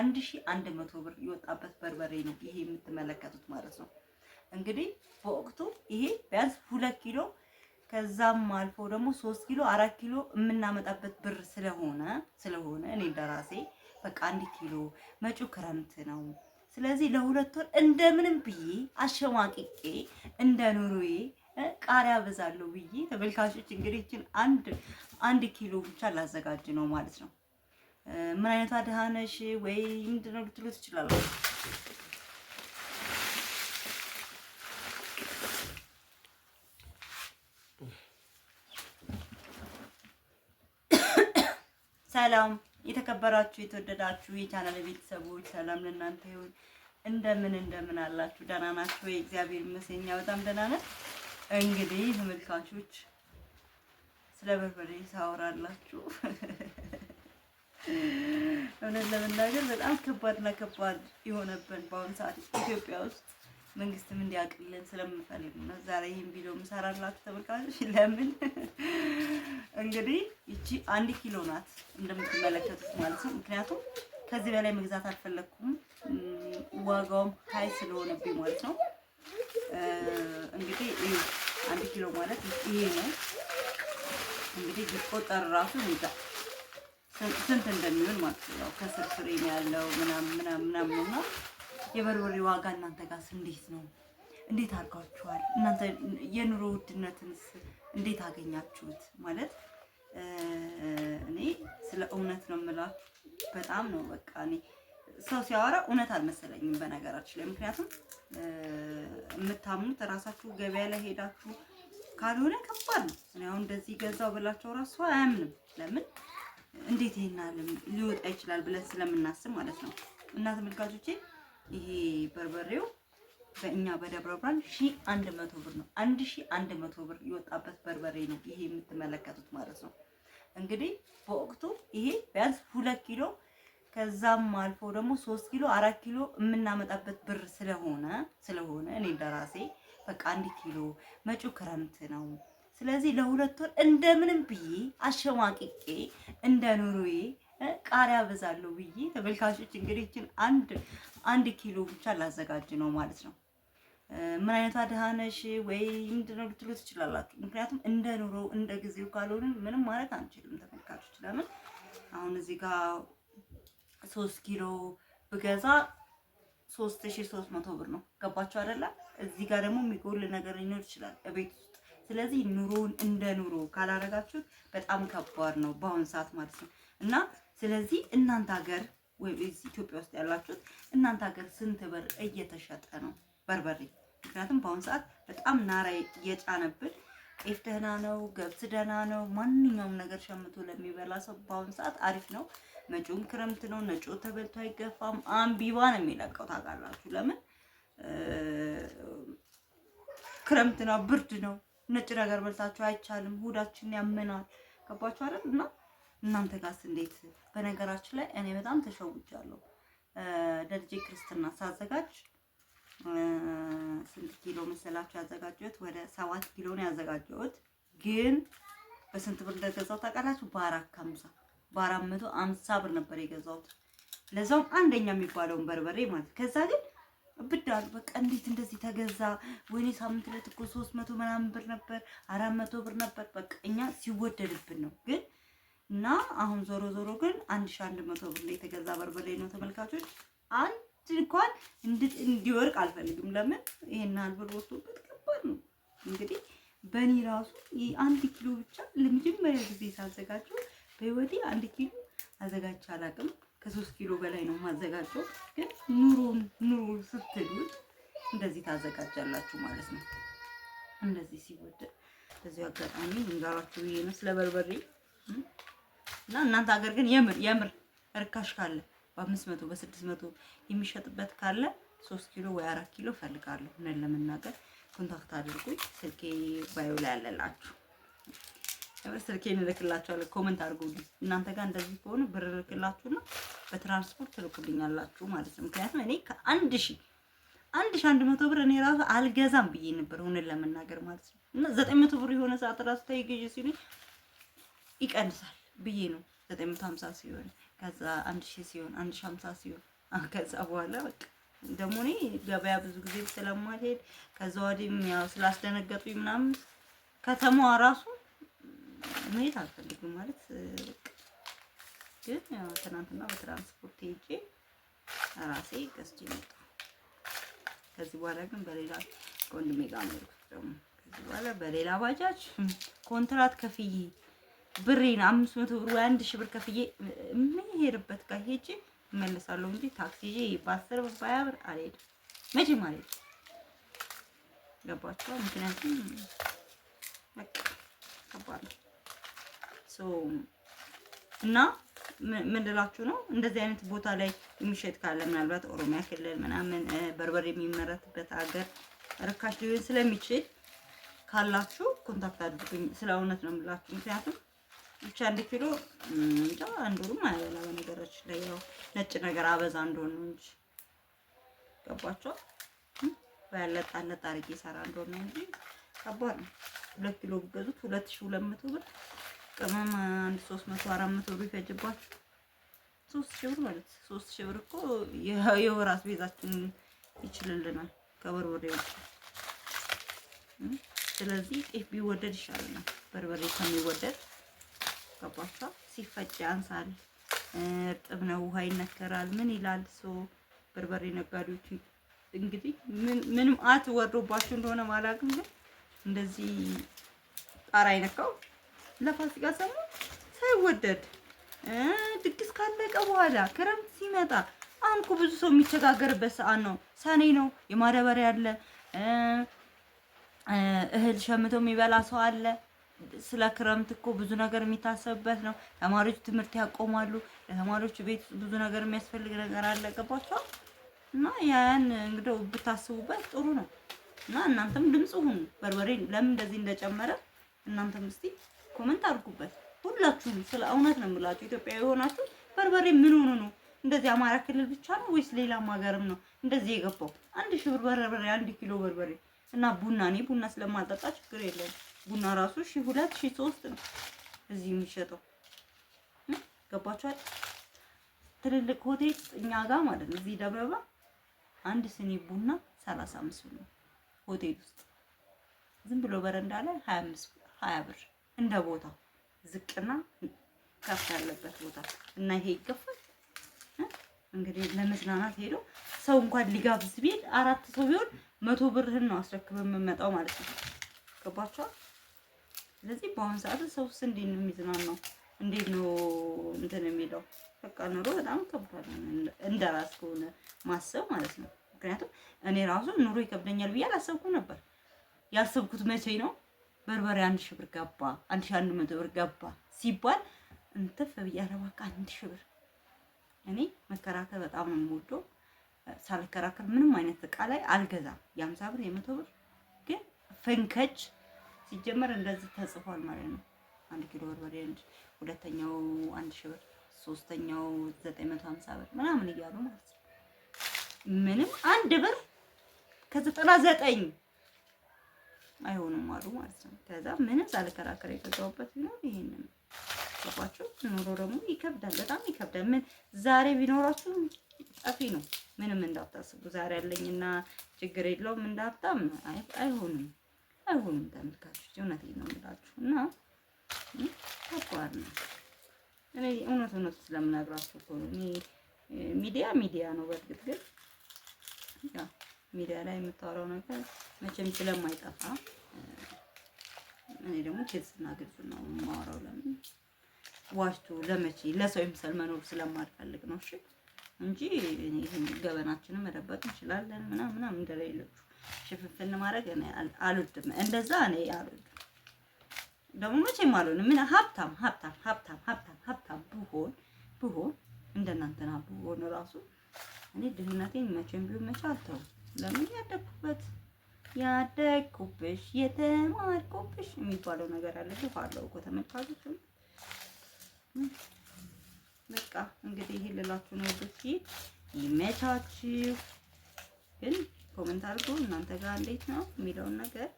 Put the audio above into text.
አንድ ሺ አንድ መቶ ብር የወጣበት በርበሬ ነው ይሄ የምትመለከቱት ማለት ነው። እንግዲህ በወቅቱ ይሄ ቢያንስ ሁለት ኪሎ ከዛም አልፎ ደግሞ ሶስት ኪሎ አራት ኪሎ የምናመጣበት ብር ስለሆነ ስለሆነ እኔ እንደራሴ በቃ አንድ ኪሎ መጪው ክረምት ነው። ስለዚህ ለሁለት ወር እንደምንም ብዬ አሸማቂቄ እንደ ኑሮዬ ቃሪያ በዛለው ብዬ ተመልካቾች እንግዲህ አንድ አንድ ኪሎ ብቻ ላዘጋጅ ነው ማለት ነው። ምን አይነቷ ድሃ ነሽ ወይ ምንድን ነው ልትሉ ሰላም የተከበራችሁ የተወደዳችሁ የቻናል ቤተሰቦች ሰላም ለእናንተ ይሁን። እንደምን እንደምን አላችሁ? ደህና ናችሁ? የእግዚአብሔር ይመስገን በጣም ደህና ነን። እንግዲህ ተመልካቾች ስለ በርበሬ ሳወራላችሁ እውነት ለመናገር በጣም ከባድና ከባድ የሆነብን በአሁኑ ሰዓት ኢትዮጵያ ውስጥ መንግስትም እንዲያውቅልን ስለምፈልግ ነው ዛሬ ይህን ቪዲዮ የምሰራላችሁ ተመልካቾች። ለምን እንግዲህ ይቺ አንድ ኪሎ ናት እንደምትመለከቱት ማለት ነው። ምክንያቱም ከዚህ በላይ መግዛት አልፈለግኩም፣ ዋጋውም ሀይ ስለሆነብኝ ማለት ነው። እንግዲህ አንድ ኪሎ ማለት ይሄ ነው እንግዲህ ቢቆጠር ራሱ ይዛል ስንት እንደሚሆን ማለት ነው። ከስር ፍሬም ያለው ምናምን ምናምን ምናምን እና የበርበሬ ዋጋ እናንተ ጋርስ እንዴት ነው? እንዴት አድርጋችኋል? እናንተ የኑሮ ውድነትንስ እንዴት አገኛችሁት? ማለት እኔ ስለ እውነት ነው የምላችሁ። በጣም ነው በቃ እኔ ሰው ሲያወራ እውነት አልመሰለኝም በነገራችን ላይ ምክንያቱም የምታምኑት እራሳችሁ ገበያ ላይ ሄዳችሁ ካልሆነ ከባድ ነው። እኔ አሁን እንደዚህ ገዛው ብላቸው እራሱ አያምንም። ለምን እንዴት ይሄን ዓለም ሊወጣ ይችላል ብለን ስለምናስብ ማለት ነው። እና ተመልካቾቼ ይሄ በርበሬው በእኛ በደብረ ብርሃን ሺህ አንድ መቶ ብር ነው። አንድ አንድ መቶ ብር የወጣበት በርበሬ ነው ይሄ የምትመለከቱት ማለት ነው። እንግዲህ በወቅቱ ይሄ ቢያንስ ሁለት ኪሎ ከዛም አልፎ ደግሞ ሶስት ኪሎ አራት ኪሎ የምናመጣበት ብር ስለሆነ ስለሆነ እኔ ለራሴ በቃ አንድ ኪሎ መጪው ክረምት ነው ስለዚህ ለሁለት ወር እንደምንም ብዬ አሸማቅቄ እንደ ኑሮዬ ቃሪያ በዛለሁ ብዬ ተመልካቾች እንግዲህ ይችን አንድ አንድ ኪሎ ብቻ ላዘጋጅ ነው ማለት ነው። ምን አይነቷ ድሃ ነሽ ወይ ምንድን ነው ልትሉ ትችላላችሁ። ምክንያቱም እንደ ኑሮ እንደ ጊዜው ካልሆን ምንም ማለት አንችልም። ተመልካቾች ለምን አሁን እዚህ ጋር ሶስት ኪሎ ብገዛ ሶስት ሺ ሶስት መቶ ብር ነው። ገባችሁ አይደለ? እዚህ ጋር ደግሞ የሚጎል ነገር ሊኖር ይችላል ቤት ውስጥ ስለዚህ ኑሮን እንደ ኑሮ ካላረጋችሁት በጣም ከባድ ነው በአሁኑ ሰዓት ማለት ነው። እና ስለዚህ እናንተ ሀገር ወይ ኢትዮጵያ ውስጥ ያላችሁት እናንተ ሀገር ስንት ብር እየተሸጠ ነው በርበሬ? ምክንያቱም በአሁን ሰዓት በጣም ናራ እየጫነብን ጤፍ ደህና ነው፣ ገብስ ደህና ነው። ማንኛውም ነገር ሸምቶ ለሚበላ ሰው በአሁን ሰዓት አሪፍ ነው። መጪውን ክረምት ነው፣ ነጮ ተበልቶ አይገፋም። አምቢባ ነው የሚለቀው ታውቃላችሁ። ለምን ክረምት ነው፣ ብርድ ነው። ነጭ ነገር በልታችሁ አይቻልም፣ ሆዳችን ያመናል። ገባችሁ አይደል? እና እናንተ ጋርስ እንዴት? በነገራችን ላይ እኔ በጣም ተሸውጃለሁ። ለልጄ ክርስትና ሳዘጋጅ ስንት ኪሎ መሰላችሁ ያዘጋጀሁት? ወደ ሰባት ኪሎ ነው ያዘጋጀሁት። ግን በስንት ብር እንደገዛው ታውቃላችሁ? በአራት ሀምሳ በአራት መቶ አምሳ ብር ነበር የገዛሁት። ለዛውም አንደኛ የሚባለውን በርበሬ ማለት ከዛ ግን እብድ በቃ እንዴት እንደዚህ ተገዛ? ወይኔ ሳምንት ዕለት እኮ ሶስት መቶ ምናምን ብር ነበር፣ አራት መቶ ብር ነበር። በቃ እኛ ሲወደድብን ነው ግን እና አሁን ዞሮ ዞሮ ግን አንድ ሺህ አንድ መቶ ብር ላይ የተገዛ በርበሬ ነው ተመልካቾች። አንድ እንኳን እንዲወርቅ አልፈልግም። ለምን ይሄን ያህል ብር ወስዶበት ከባድ ነው እንግዲህ በእኔ ራሱ አንድ ኪሎ ብቻ ለመጀመሪያ ጊዜ ሳዘጋጀው በህይወቴ አንድ ኪሎ አዘጋጅቼ አላውቅም። ከሶስት ኪሎ በላይ ነው የማዘጋጀው። ግን ኑሮን ኑሮ ስትሉት እንደዚህ ታዘጋጃላችሁ ማለት ነው። እንደዚህ ሲወደድ በዚሁ አጋጣሚ እንጋራችሁ ይሄ ነው ስለ በርበሬ እና እናንተ ሀገር ግን የምር የምር እርካሽ ካለ በአምስት መቶ በስድስት መቶ የሚሸጥበት ካለ ሶስት ኪሎ ወይ አራት ኪሎ እፈልጋለሁ። እውነት ለመናገር ኮንታክት አድርጉኝ። ስልኬ ባዩ ላይ ያለላችሁ ስልኬን እልክላችኋለሁ። ኮመንት አድርጉልኝ። እናንተ ጋር እንደዚህ ከሆነ ብር እልክላችሁና በትራንስፖርት ትልኩልኛላችሁ ማለት ነው። ምክንያቱም እኔ ከአንድ ሺ አንድ ሺ አንድ መቶ ብር እኔ ራሱ አልገዛም ብዬ ነበር እውነት ለመናገር ማለት ነው። እና ዘጠኝ መቶ ብር የሆነ ሰዓት ራሱ ተይ ግዢ ሲሉኝ ይቀንሳል ብዬ ነው ዘጠኝ መቶ ሀምሳ ሲሆን ከዛ አንድ ሺ ሲሆን አንድ ሺ ሀምሳ ሲሆን ከዛ በኋላ በቃ ደግሞ እኔ ገበያ ብዙ ጊዜ ስለማልሄድ ከዛ ወዲህም ያው ስላስደነገጡኝ ምናምን ከተማዋ ራሱ መሄድ አልፈልግም ማለት በቃ ግን ትናንትና በትራንስፖርት ሄጄ ራሴ ገዝቼ መጣሁ። ከዚህ በኋላ ግን በሌላ ወንድሜ ጋር አመልኩት ደግሞ ከዚህ በኋላ በሌላ ባጃጅ ኮንትራት ከፍዬ ብሬን አምስት መቶ ብር ወይ አንድ ሺህ ብር ከፍዬ የምሄድበት ጋር ሄጄ እመለሳለሁ እንጂ ታክሲ ይዤ በአስር ብር በሀያ ብር አልሄድም። መቼም አልሄድም። ገባችኋል? ምክንያቱም በቃ ከባድ ነው እና ምንድላችሁ ነው፣ እንደዚህ አይነት ቦታ ላይ የሚሸጥ ካለ ምናልባት ኦሮሚያ ክልል ምናምን በርበሬ የሚመረትበት ሀገር ርካሽ ሊሆን ስለሚችል ካላችሁ ኮንታክት አድርጉኝ። ስለ እውነት ነው የምላችሁ። ምክንያቱም ብቻ አንድ ኪሎ እንጃ አንድ ወሩም አይበላ። በነገራችን ላይ ያው ነጭ ነገር አበዛ እንደሆነ ነው እንጂ ገባቸው በያለጣለጥ አድርጌ ሰራ እንደሆነ እንጂ ከባድ ነው። ሁለት ኪሎ ብገዙት ሁለት ሺ ሁለት መቶ ብር ቅመም አንድ 300 400 ብር ይፈጅባችሁ። ሶስት ሺህ ብር ማለት ሶስት ሺህ ብር እኮ የወር አስቤዛችን ይችልልናል ከበርበሬ ውጭ። ስለዚህ ጤፍ ቢወደድ ይሻለናል በርበሬ ከሚወደድ። ገባችሁ? ሲፈጭ ያንሳል፣ እርጥብ ነው፣ ውሃ ይነከራል። ምን ይላል ሶ በርበሬ ነጋዴዎች እንግዲህ ምንም አት ወርዶባችሁ እንደሆነ ማላቅም፣ ግን እንደዚህ ጣራ አይነካው ለፋሲካ ሰሞን ሳይወደድ ድግስ ካለቀ በኋላ ክረምት ሲመጣ አሁን እኮ ብዙ ሰው የሚቸጋገርበት ሰዓት ነው። ሰኔ ነው። የማዳበሪያ አለ፣ እህል ሸምቶ የሚበላ ሰው አለ። ስለ ክረምት እኮ ብዙ ነገር የሚታሰብበት ነው። ተማሪዎች ትምህርት ያቆማሉ። ለተማሪዎች ቤት ብዙ ነገር የሚያስፈልግ ነገር አለ። ገባችኋል? እና ያን እንግዲህ ብታስቡበት ጥሩ ነው። እና እናንተም ድምፅ ሁኑ። በርበሬ ለምን እንደዚህ እንደጨመረ እናንተም እስቲ ኮመንት አድርጉበት ሁላችሁም። ስለ እውነት ነው የምላችሁ ኢትዮጵያዊ የሆናችሁ በርበሬ ምን ሆኖ ነው እንደዚህ አማራ ክልል ብቻ ነው ወይስ ሌላም ሀገርም ነው እንደዚህ የገባው? አንድ ሺህ ብር በርበሬ አንድ ኪሎ በርበሬ እና ቡና እኔ ቡና ስለማልጠጣ ችግር የለውም። ቡና ራሱ ሺ ሁለት ሺ ሶስት ነው እዚህ የሚሸጠው ገባችኋል? ትልልቅ ሆቴል እኛ ጋር ማለት ነው እዚህ ደብረ አንድ ስኒ ቡና 35 ብር ነው ሆቴል ውስጥ ዝም ብሎ በረንዳ ላይ አምስት ሀያ ብር እንደ ቦታው ዝቅና ከፍ ያለበት ቦታ እና ይሄ ይገፋል። እንግዲህ ለመዝናናት ሄዶ ሰው እንኳን ሊጋብዝ ቢል አራት ሰው ቢሆን መቶ ብርህን ነው አስረክብ የምመጣው ማለት ነው። ገባችኋል? ስለዚህ በአሁኑ ሰዓት ሰውስ እንዴት ነው የሚዝናናው? እንዴት ነው እንትን የሚለው? በቃ ኑሮ በጣም ከባድ እንደ ራስ ከሆነ ማሰብ ማለት ነው። ምክንያቱም እኔ ራሱ ኑሮ ይከብደኛል ብዬ አላሰብኩም ነበር። ያሰብኩት መቼ ነው በርበሬ አንድ ሺህ ብር ገባ፣ አንድ ሺህ አንድ መቶ ብር ገባ ሲባል እንትፍ ብያለሁ። በቃ አንድ ሺህ ብር እኔ መከራከር በጣም ነው የምወደው። ሳልከራከር ምንም አይነት እቃ ላይ አልገዛም። የአምሳ ብር የመቶ ብር ግን ፈንከች ሲጀመር እንደዚህ ተጽፏል ማለት ነው። አንድ ኪሎ በርበሬ አንድ ሁለተኛው አንድ ሺህ ብር ሶስተኛው ዘጠኝ መቶ ሀምሳ ብር ምናምን እያሉ ማለት ነው። ምንም አንድ ብር ከዘጠና ዘጠኝ አይሆኑም አሉ ማለት ነው። ከዛ ምንም ሳልከራከር የገዛሁበት ቢኖር ይሄንን ገባችሁ። ኑሮ ደግሞ ይከብዳል፣ በጣም ይከብዳል። ምን ዛሬ ቢኖራችሁ ጠፊ ነው። ምንም እንዳታስቡ ዛሬ ያለኝና ችግር የለውም እንዳታም አይሆኑም፣ አይሆኑም። ተመልካቾች እውነቴን ነው የምላችሁ እና ከባድ ነው። እኔ እውነት እውነት ስለምነግራችሁ እኮ ነው። ሚዲያ ሚዲያ ነው በእርግጥ ግን ሚዲያ ላይ የምታወራው ነገር መቼም ስለማይጠፋ እኔ ደግሞ ግልጽና ግልጽ ነው የማወራው። ለምን ዋሽቶ ለመቼ ለሰው ይምሰል መኖር ስለማልፈልግ ነው። እሺ እንጂ ይሄን ገበናችንን መደበቅ እንችላለን ምናምን ምናምን እንደሌሎቹ ሽፍንፍን ማድረግ እኔ አልወድም። እንደዛ እኔ አልወድም ደግሞ መቼም አልሆንም። ምን ሀብታም ሀብታም ሀብታም ሀብታም ሀብታም ብሆን ብሆን እንደናንተና ብሆን ራሱ እኔ ድህነቴን መቼም ቢሆን መቼ አልተውም። ለምን ያደግኩበት ያደግኩብሽ የተማርኩብሽ የሚባለው ነገር አለ። አለው እኮ ተመልካቾች። በቃ እንግዲህ ይሄን ልላችሁ ነው። ወዶች ይመቻችሁ። ግን ኮመንት አድርጎ እናንተ ጋር እንዴት ነው የሚለውን ነገር